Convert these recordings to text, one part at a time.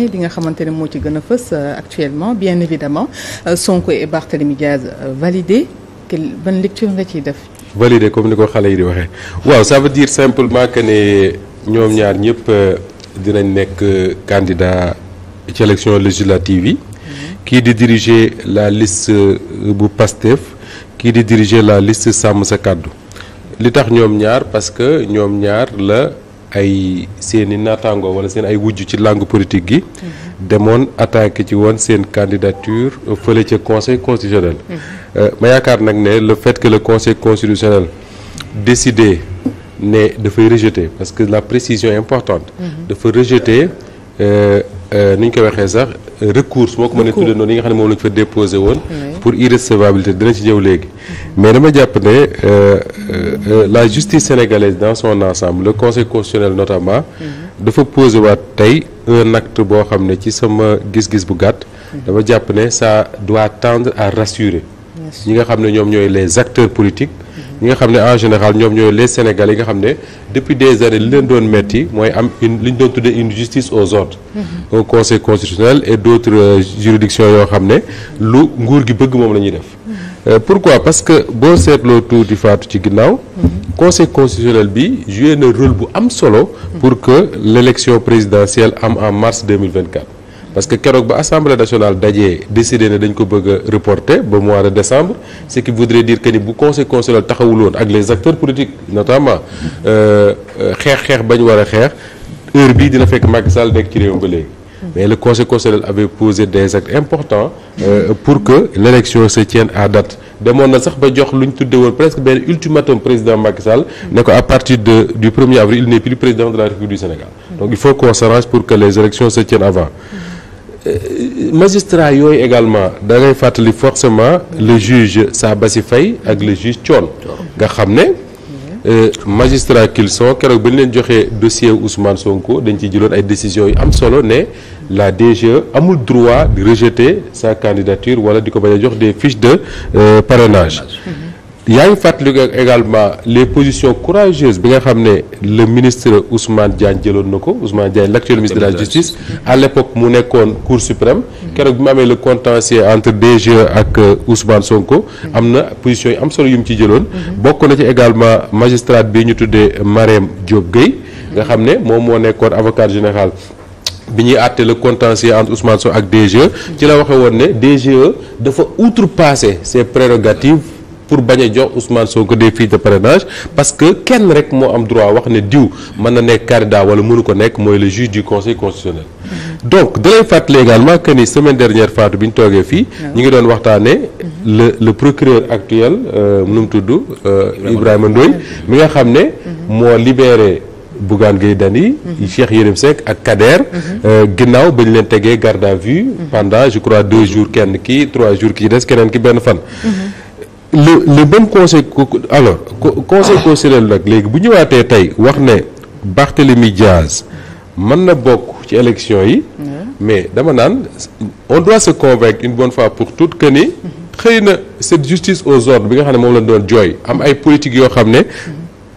campagne bi nga xamante ne moo ci gën a fës euh, actuellement bien évidemment euh, Sonko et Barthélémy Diaz euh, validé ban lecture nga ciy def. validé comme ni ko xale yi di waxee waaw ça veut dire simplement que ne ñoom ñaar ñëpp dinañ nekk candidat ci élection législative yi. Mhm. kii di diriger la liste bu PASTEF kii di diriger la liste sàmm sa kàddu li tax ñoom ñaar parce que ñoom ñaar la. ay seeni i naataangoo wala seen ay wujj ci langue politique gi. demoon attaqué ci woon seen candidature fële ca conseil constitutionnel. Euh, ma yaakaar nag ne le fait que le conseil constitutionnel décidé ne dafay rejeter parce que la précision est importante. Mm-hmm. dafa rejeter euh, euh, ni ñu ko waxee sax recours boo ko mënee tuddee noonu yi nga xam ne moom la fa déposé woon pour irrécevabilité dina ci ñëw léegi mais dama jàpp ne euh, euh, la justice sénégalaise dans son ensemble le conseil constitutionnel notamment mhm. dafa posé waat tey un acte boo xam ne ci sama gis-gis bu gàtt mhm. dama jàpp ne doit tendre à rassurer ñi nga xam ne ñoom ñooy les acteurs politiques ñi nga xam ne en général ñoom ñooy les sénégal yi nga xam ne depuis des années li leen doon metti mooy am une li ñu doon tuddee une justice aux ordres mm-hmm. un conseil constitutionnel et d'autres euh, juridictions yoo xam ne lu nguur gi bëgg moom la ñuy def mm-hmm. euh, pourquoi parce que boo seetloo tuuti faatu ci ginnaaw mm-hmm. conseil constitutionnel bi joué na rôle bu am solo pour que l'élection présidentielle am en mars 2024 parce que keroog ba assemblée nationale dajee décidé ne dañ ko bëgg a reporter ba mois de décembre ce qui voudrait dire que ni bu conseil constitutionnel taxawul woon ak les acteurs politiques notamment euh, xeex xeex bañ war a xeex heure bii dina fekk Macky Sall nekk ci réew ba léegi. mais le conseil constitutionnel avait posé des actes importants euh, pour que l'élection se tienne à date demoon na sax ba jox lu ñu tudde woon presque benn ultimatum président Macky ne ko à partir de du 1er président la République du Sénégal donc il faut qu'on avant Euh, magistrat yooyu également da ngay fàttali forcement le juge Sabassi Faye ak le juge Thion nga xam ne euh, magistrat qu'ils keroog ba ñu leen joxee dossier Ousmane Sonko dañ ciy jëloon ay décisions yu am solo ne la DGE amul droit di rejeter sa candidature wala di ko bañ a jox des fiches de euh, parrainage yaa ngi fàttaliku également les positions courageuses bi nga xam ne le ministre Ousmane Diagne jëloon na ko Ousmane Diagne l'actuel ministre de la justice à l'époque mu nekkoon cour suprême keroog bi mu amee le contentieux entre DG ak euh, Ousmane Sonko am na position yu am solo yu mu ci jëloon bokk na ci également magistrat bi ñu tuddee Marème Diop Gueye nga xam ne moom moo nekkoon avocat général bi ñuy àtte le contentieux entre Ousmane Sonko ak DGE ci la waxee woon ne DGE dafa outrepasser ses prérogatives pour bañ jox jox Ousmane Sonko des fiches de parrainage parce que kenn rek moo am droit wax ne diw mën na nekk candidat wala mënu ko nekk mooy le juge du conseil constitutionnel. donc da lay fàttali également que ni semaine dernière Fatou bi ñu toogee fii. ñu ngi doon waxtaanee. le le procureur actuel euh, nu mu tudd. Euh, Ibrahima Ndoye mi nga xam ne. moo libéré. Bougane Gueye Dany mm-hmm. Cheikh Yérim Seck ak Kader mm-hmm. euh, ginnaaw ba ñu leen tegee garde à vue mm-hmm. pendant je crois deux jours kenn kii trois jours kii des keneen ki benn fan le le même conseil alors conseil constitutionnel nag léegi bu ñëwaatee tey wax ne Barthélemy Diaz mën na bokk ci élection yi. mais dama naan on doit se convaincre une bonne fois pour toutes que ni. xëy na cette justice au ordres bi nga xam ne moom la doon jooy am ay politique yoo xam ne.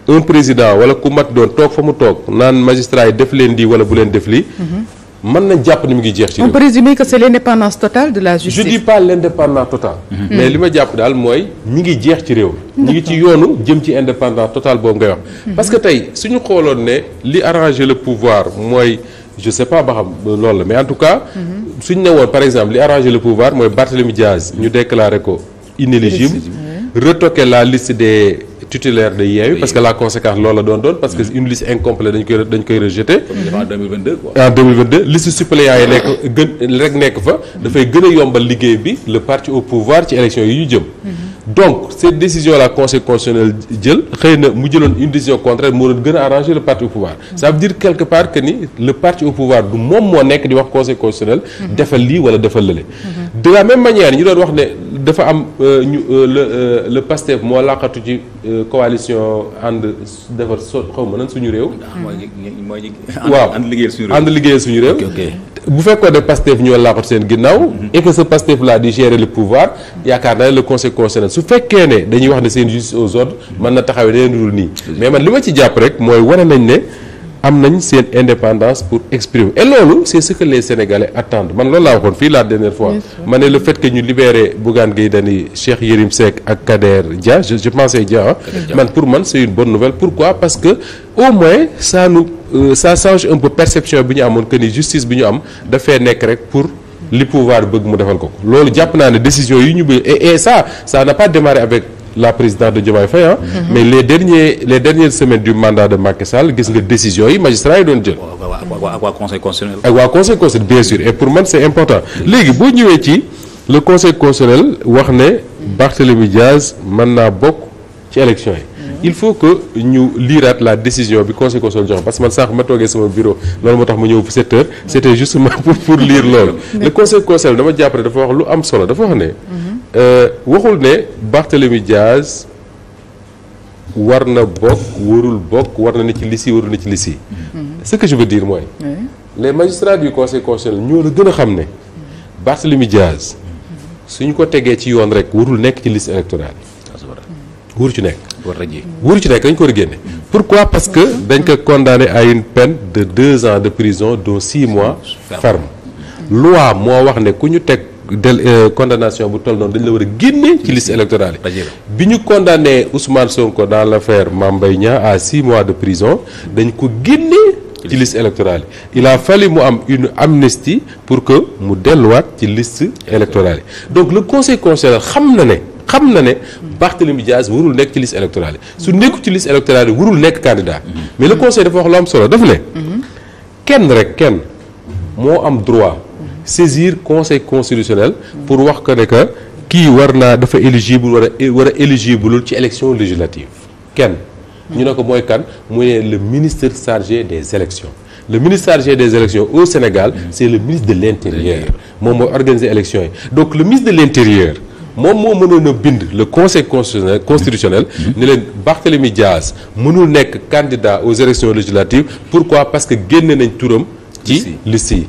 un président wala ku mat doon toog fa mu toog naan magistrat yi def leen di wala bu leen def lii. Mhm. mën nañ jàpp ni mu ngi jeex ci réew. on peut résumer que c'est l'indépendance totale de la justice. je pas l'indépendance totale. Mm-hmm. Mm-hmm. mais li ma jàpp daal mooy ñi ngi jeex ci réew mi. ñi ngi ci yoonu jëm ci indépendance totale boobu ngay wax. Mm-hmm. parce que tey suñu xooloon ne li arranger le pouvoir mooy je sais pas ba xam loolu la mais en tout cas. suñu ne woon par exemple li arranger le pouvoir mooy Barthélemy Diaz ñu déclaré ko inéligible. retoquer la liste des. titulaire de Yewwi parce que la conséquence loolu la doon doon parce que mm. une liste incomplète dañ koy dañ koy en liste suppléants yi nekk gën rek nekk fa mm. dafay gën yombal liggéey bi le parti au pouvoir ci élection yi ñu jëm mm-hmm. donc cette décision la conseil constitutionnel jël xëy na mu jëloon une décision contraire moo doon gën arranger le parti au pouvoir mm-hmm. ça veut quelque part que ni le parti au pouvoir du moom moo nekk di wax conseil constitutionnel mm-hmm. defal lii wala defal lële dafa am euh, ñu euh, le euh, le Pastef moo laqatu ci coalition ànd defar so xaw ma nan suñu réew. mooy hmm. waaw ànd liggéeyal suñu réew ànd liggéeyal suñu réew. bu fekkoon ne Pastef ñoo laqatu seen ginnaaw. Hmm. et que ce Pastef là di gérer le pouvoir yaakaar na ne le conseil constitutionnel su fekkee ne dañuy wax ne seen justice aux ordres hmm. mën na taxawee nee na nii. mais man li ma ci jàpp rek mooy ware nañ ne. am nañ seen indépendance pour exprimer et loolu c'est ce que les Sénégalais attendent man loolu laa waxoon fii la dernière fois ma ne le fait que ñu libéré Bougane Gueye Dany Cheikh ak Kader Dia je, je pensais man pour man c'est une bonne nouvelle pourquoi parce que au moins ça nous euh, ça change un peu perception bi ñu amoon que ni justice bi ñu am dafay nekk rek pour li pouvoir bëgg mu defal ko ko loolu jàpp naa ne décision yi ñu bëgg et ça ça n'a pas démarré la président de Diomaye Faye ah. mais les dernier les dernières semaine du mandat de Macky gis nga décisions yi magistrat yi doon jël. ak waa conseil constitutionnel. ak waa conseil bien sûr et pour man c'est important léegi boo ñëwee ci le conseil constitutionnel wax ne Barthélémy Diaz mën naa bokk ci élection yi. Mhm. il faut que ñu liiraat la décision bi conseil constitutionnel joxe parce que man sànq ma toogee sama bureau loolu moo tax ma ñëw bu 7 heures. c'était justement pour pour lire loolu. dama jàpp dafa wax lu am solo dafa wax Euh, waxul ne Barthélemy Diaz war na bokk warul bokk war na ne ci liste warul ne ci liste mhm. ce que diir veux dire mooy les magistrats du conseil constitutionnel ñoo la gën a xam ne mhm. Barthélemy Diaz mhm. suñ ko tegee ci yoon rek warul nekk ci liste électorale waru ci nekk waru ci nekk dañ ko war a génne pourquoi parce que dañ ko condamné à une de deux ans de prison dont six mois ferme loi moo wax ne ku ñu teg del euh, condamnation bu toll noonu dañ la war a génne ci liste électorale yi bi ñu condamné Ousmane Sonko dans l'affaire Mame Mbaye Niang à six mois de prison dañ ko génne ci liste électorale yi fali mu am une amnistie pour que mu delluwaat ci list électorale yi donc le conseil constitutionnel xam na ne xam na ne Barthélemy Diaz warul nekk ci liste électorale su nekku ci liste électorale yi warul nekk candidat mm-hmm. mais le conseil dafa wax lu am solo dafa ne kenn rek saisir conseil constitutionnel pour wax ko ne que kii war naa dafa éligible war a war a éligible ci élection législative kenn ñu ne ko mooy kan mu ne le ministre chargé des élections le ministre chargé des élections au Sénégal c'est le ministre de l'intérieur moom moo organiser élection yi donc le ministre de l'intérieur moom moo mënoon a bind le conseil constitutionnel constitutionnel ne leen Barthélémy Dias mënul nekk candidat aux élections législatives pourquoi parce que génne nañ turam ci liste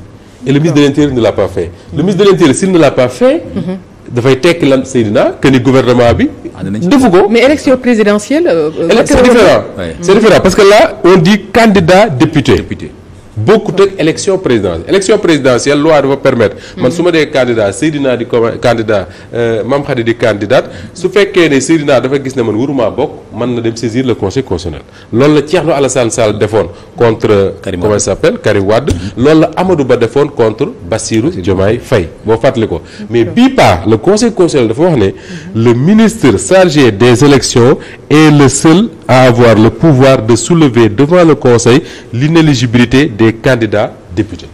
et le de l'Intérieur ne l'a pas fait le ministre de l'Intérieur s'il ne l'a pas fait dafay tekki lan Seydina que ni gouvernement bi defu ko mais élection présidentielle euh, c'est euh, différent c'est différent parce que là on dit candidat député bokkut ak élection présidentielle élection présidentielle loi dafa permettre man su ma dee candidat Seydina di candidat euh, Mame Khady di candidate su fekkee ne Seydina dafa gis ne man waruma bokk man na dem saisir le conseil constitutionnel loolu la Thierno Alassane Sall defoon contre. Karim comment il s'appelle Karim Wade. Mm-hmm. loolu la Amadou Ba defoon contre Bassirou Diomaye Faye boo fàttali ko. Mm-hmm. mais bii pas le conseil constitutionnel dafa wax ne mm-hmm. le ministre chargé des élections et le seul à avoir le pouvoir de soulever devant le conseil l'inéligibilité des candidats députés.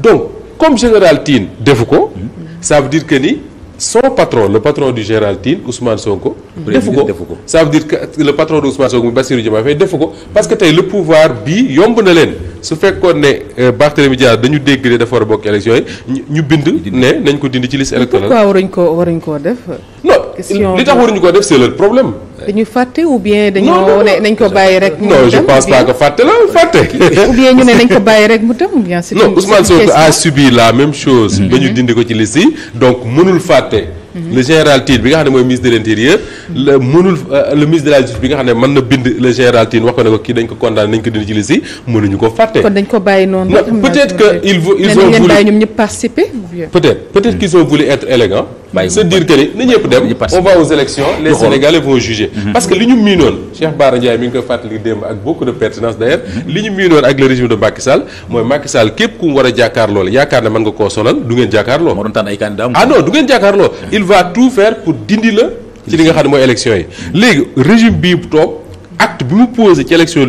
donc comme général Tine defu ko. ça veut que ni. son patron le patron du Gérald Tine Ousmane Sonko. defu ko ça veut dire que le patron de Ousmane Sonko Bassirou Diomaye Faye defu ko parce que tey le pouvoir bi yomb na leen. su fekkoon ne euh, Barthélemy Dias dañu dégg de dafa war a bokk élection yi ñu bind ne nañ ko dindi ci liste électorale. pourquoi waruñ ko waruñ koo def. non li tax waruñu ko def se leur problème. dañu fàtte ou bien dañu ne nañ ko bàyyi rek. mu dem non je pense pas que fàtte la fàtte. ou bien ñu ko bàyyi rek mu dem bien. c'est non Ousmane Sonko a subi la même chose. Mm-hmm. dañu ñu dindi ko ci liste yi donc mënul fàtte. Mhm. le général Tine bi nga xam ne mooy ministre de l'intérieur mhm. la mënul euh, le ministre de la bi nga xam ne mën na bind le général Tine wax ko ne ko kii dañ ko condamné nañ ko dindi ci li mënuñu ko fàtte. kon dañ ko bàyyi noonu. peut-être que ils ils ont voulu ñoom ñëpp participer. peut-être mhm. être élégants se dire que ni na ñëpp dem on va aux élections les Sénégalais vont juger mhm. parce que li ñu miinoon Cheikh Bara Ndiaye mi ngi koy fàttali démb ak beaucoup de pertinence d'ailleurs mhm. li ñu miinoon ak le régime de Macky Sall mooy Macky Sall képp ku mu war a jàkkaarloo la yaakaar ne mën nga koo sonal du ngeen jàkkaarloo moo doon tànn ay candidat ah non du ngeen jàkkaarloo mhm. il va tout faire pour dindi la ci li nga xam ne mooy élection yi léegi régime bii toog acte bi mu posé ci élection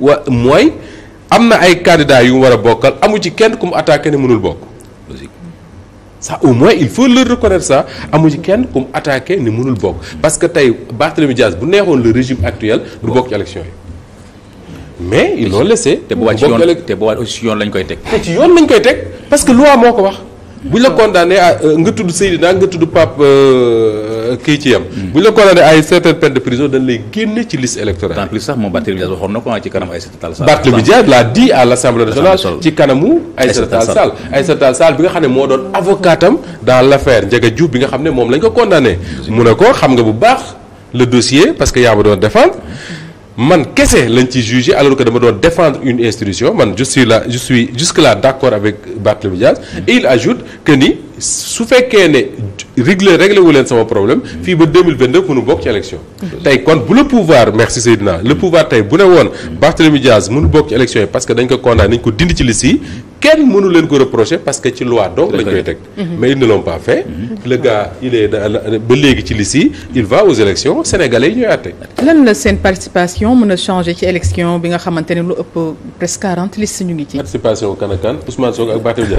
wa mooy am na ay candidats yu mu a bokkal amu ci kenn ku mu attaqué mënul bokk ça au moins il faut leur reconnaître sa amu kenn ku mu attaqué ni mënul bokk parce que tey Barthélemy Diaz bu neexoon le régime actuel du bokk ci élection yi mais ils l'ont laissé. te boobaat ci yoon lañ koy teg. te ci yoon lañ koy teg parce que loi moo ko wax. bu ñu la condamné euh, nga tudd Seydina nga tudd Pape kii ci yam bu ñu la condamné ay certaines peines de prison dañ lay génne ci liste électorale. en plus sax moom Barthélémy Dias waxoon na ko ah, ci kanamu Aïssata Tall Sall. l'a dit à l'Assemblée nationale ci kanamu. Aïssata Tall Sall hmm. Aïssata bi nga xam ne moo doon avocatam dans l'affaire Ndiaga Diouf bi nga xam ne moom lañ ko condamné. Hmm. mu ne ko xam nga bu baax le dossier parce que yaa ma doon defal man kese lañ ci jugé alors que dama doon défendre une institution man je suis là je suis jusque là d'accord avec Barthélémy Diaz il ajoute que ni su fekkee ne réglé réglé wu leen sama problème fii ba 2022 mënu bokk ci élection tey kon bu le pouvoir merci naa le pouvoir tey bu ne woon Barthélémy Diaz mënu bokk ci élection yi parce que dañ ko condamné nañ ko dindi ci liste kenn mënu leen ko reprocher parce que ci loi donc lañ koy teg mhm. mais ils ne l'ont pas fait mhm. le gars il ba léegi ci liste yi il va aux élections sénégalais yi ñooy àtte lan la seen participation mën a changer ci élection bi nga xamante ne lu ëpp presque 40 liste ñu ngi ci participation kan ak kan ak Barthélémy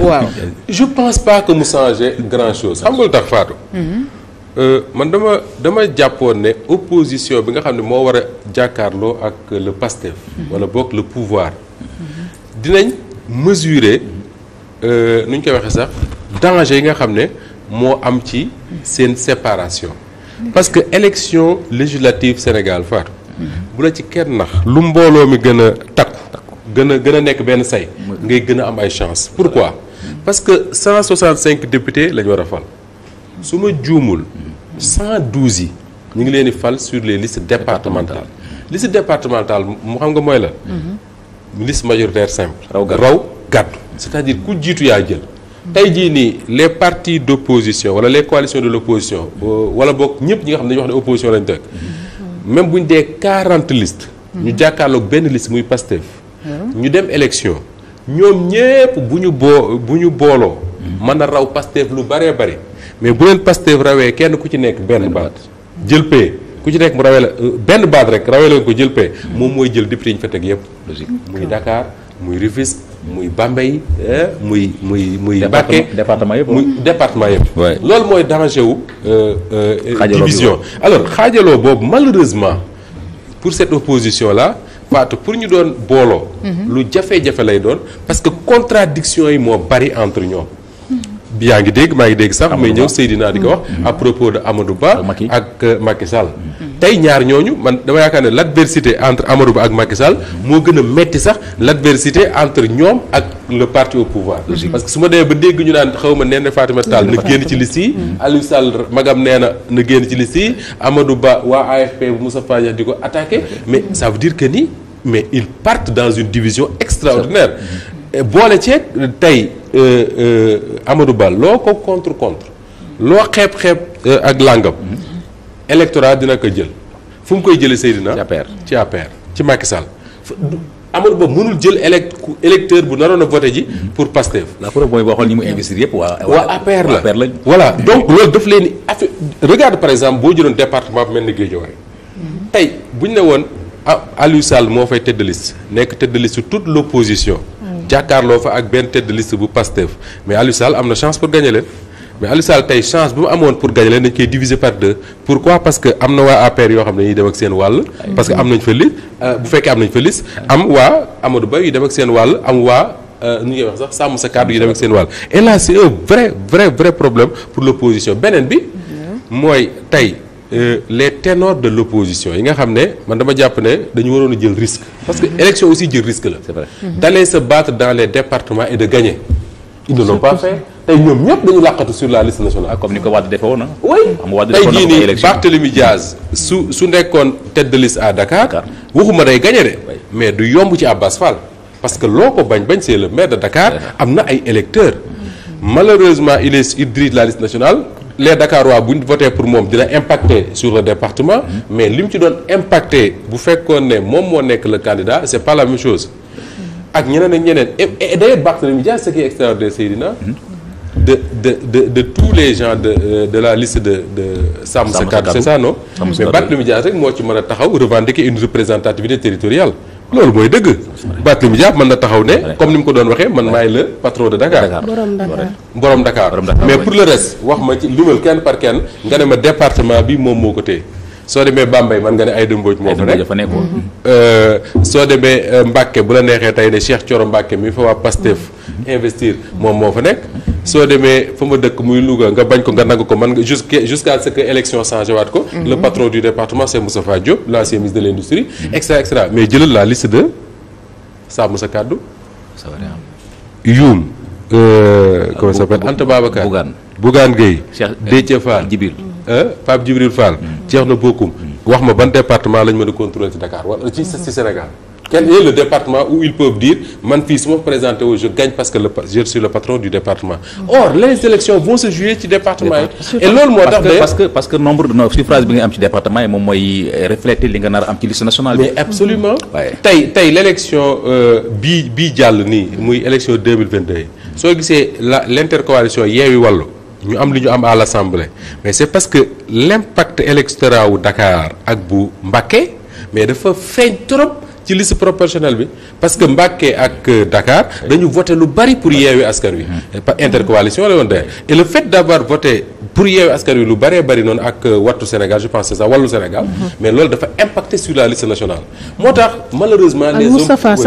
mhm. euh, dama dama jàppoon ne opposition bi nga xam ne moo war a jàkkaarloo ak le Pastef wala boog le pouvoir dinañ mesurer euh, nu ñu koy waxee sax danger yi nga xam ne moo am ci seen séparation parce que élection législative Sénégal far bu la ci kenn nax lu mbooloo mi gën a takku gën a gën a nekk benn say ngay gën a am ay chance pourquoi parce que cinq députés la ñu war a fal su ma juumul 112 yi ñu ngi leen di fal sur les listes départementales liste départementale mu xam nga mooy la liste majoritaire simple. raw gàddu raw gàddu c'est-à-dire ku jiitu yaa jël. tey jii nii les partis d'opposition wala les coalitions de l'opposition euh, wala bokk ñëpp ñi nga xam ne dañuy wax ne opposition lañu teg même bu ñu dee quarante listes. ñu jàkkaarloog benn liste muy Pastef. ñu dem élection ñoom ñëpp bu ñu boo bu ñu booloo. mën a raw Pastef lu bëree bëri mais bu leen Pastef rawee kenn ku ci nekk benn baat jël paie. ku ci nekk mu rawee la euh, benn baat rek rawee la ko jël paie moom mooy jël député yi ñu fa teg yëpp. logique muy Dakar muy Rufisque muy Bambey euh, muy muy muy. Mbacké département yëpp muy département yëpp. loolu mooy danger wu. Euh, division alors xaajaloo boobu malheureusement pour cette opposition la Fatou pour ñu doon booloo. Mhm. lu jafe-jafe lay doon parce que contradiction yi moo bari entre ñoom. bi yaa ngi dégg maa ngi dégg sax may ñëw Seydina di ko wax mm-hmm. à propos de Amadou Ba ak euh, Macky Sall mm-hmm. tey ñaar ñooñu man dama yaakaar ne l'adversité entre Amadou Ba ak Macky Sall mm-hmm. moo gën a metti sax l'adversité entre ñoom ak le parti au pouvoir parce que su ma demee ba dégg ñu naan xaw ma nee na Fatima Tall na génn ci liste yi Aliou Sall magam nee na na génn ci liste yi Amadou Ba waa AFP bu Moussa Fadia di ko attaqué mais ça veut dire que ni mais ils partent dans une division extraordinaire boole ceeg tey Euh, euh, Amadou Ba loo ko contre contre loo xeeb xeeb euh, ak làngam électorat dina ko jël fu mu koy jëlee Seydina ci APR ci Macky Sall Amadou Ba mënul jël élect électeur bu naroon a voté ji pour Pastef la preuve mooy boo xool ñi mu investir yëpp waa waa APR la voilà donc loolu daf leen affaire regarde par exemple boo jëloon département bu mel ni Guédiawaye tey bu ñu ne woon ah, Aliou Sall moo fay tête de nekk tête de liste toute l'opposition jàkkaarloo fa ak benn tête de liste bu Pastef mais Aliou Sall am na chance pour gagner leen mais Aliou Sall tey chance bu mu amoon pour gagner leen dañ koy diviser par deux pourquoi parce que am na waa APR yoo xam ne dañuy dem ak seen wàll. parce que am nañ fa liste euh, bu fekkee am nañ fa liste. am waa Amadou Ba yu dem ak seen wàll am waa. Euh, nu ñuy wax sax sàmm sa kàddu yi dem ak seen wàll et là c'est un vrai vrai vrai problème pour l'opposition beneen bi mooy tey. Euh, les ténors de l'opposition yi nga xam ne man dama jàpp ne dañu waroon a jël risque parce que mm-hmm. élection aussi jël risque la c'est vrai mm-hmm. d'aller se battre dans les départements et de gagner tey ñoom ñëpp dañu làqatu sur la liste nationale ah, comme ni ko Wade defee woon ah. oui tey jii nii Barthélemy Diaz su su nekkoon tête de liste à Dakar waxuma day gagné de mais du yomb ci Abbas Fall parce que loo ko bañ bañ c'est le maire de Dakar am na ay électeurs mm-hmm. malheureusement il est il la liste nationale les Dakarois bu ñu voté pour moom dina impacter sur le département mm-hmm. mais li mu ci doon impacter bu fekkoon ne moom moo nekk le candidat c'est pas la même chose mm-hmm. ak ñeneen ak ñeneen et d'ailleurs Barthélémy Dias ce qui mm-hmm. de de de de tous les gens de euh, de la liste de de Sàmm Sa Kàddu c'est ça non mais Barthélémy rek moo ci mën a taxaw revendiquer une représentativité territoriale loolu mooy dëgg. Barthélémy Dias mën na taxaw ne comme ni mu ko doon waxee man maay le patron de Dakar. borom Dakar borom Dakar mais pour le reste wax ma ci limal kenn par kenn nga ne ma département bi moom moo ko téye. soo demee Bambey man nga ne Aïda Mbodj moo fa nekk fa nekk euh, soo demee euh, Mbacke bu la neexee tey ne Cheikh Thioro Mbacke mi fa waa Pastef investir moom moo fa nekk soo demee fa ma dëkk muy Louga nga bañ ko nga nag ko man nga jusqu'à jusqu'à ce que élection changé waat ko mhm. le patron du département c'est Moustapha Diop l'ancien ministre de l'industrie et cetera et cetera mais jëlal la liste de sàmm sa kàddu yuum euh, comment ça s'appelle Anta Babacar Bougane Bougane Gueye Cheikh Déthié Pape Djibril Fall. Mm. Mm. wax ma ban département lañ mën a contrôler ci Dakar wala ci ci Sénégal. quel est parce que le je suis le patron du département. Mm. or les élections vont se jouer ci département yi. et loolu moo tax nombre de suffrage bi nga am ci département yi moom mooy refléter li nga nar am ci liste nationale bi. mais absolument mm-hmm. tey tey l' élection euh, bii bii jàll nii muy élection 2022 mm-hmm. soo gisee la l' intercoalition Yewwi Wallu ñu am li ñu am à l'assemblée mais c'est parce que l'impact électoral Dakar ak bu Mbacké mais dafa feeñ trop ci liste proportionnelle bi parce que Mbacké ak Dakar dañu voté lu bari pour yeewi askan wi. par intercoalition la woon de et le fait d'avoir pour yeewi askan wi lu bëree bëri noonu ak wattu Sénégal je pense c'est ça wàllu Sénégal. Mm-hmm. mais loolu dafa impacté sur la liste nationale. moo tax malheureusement les hommes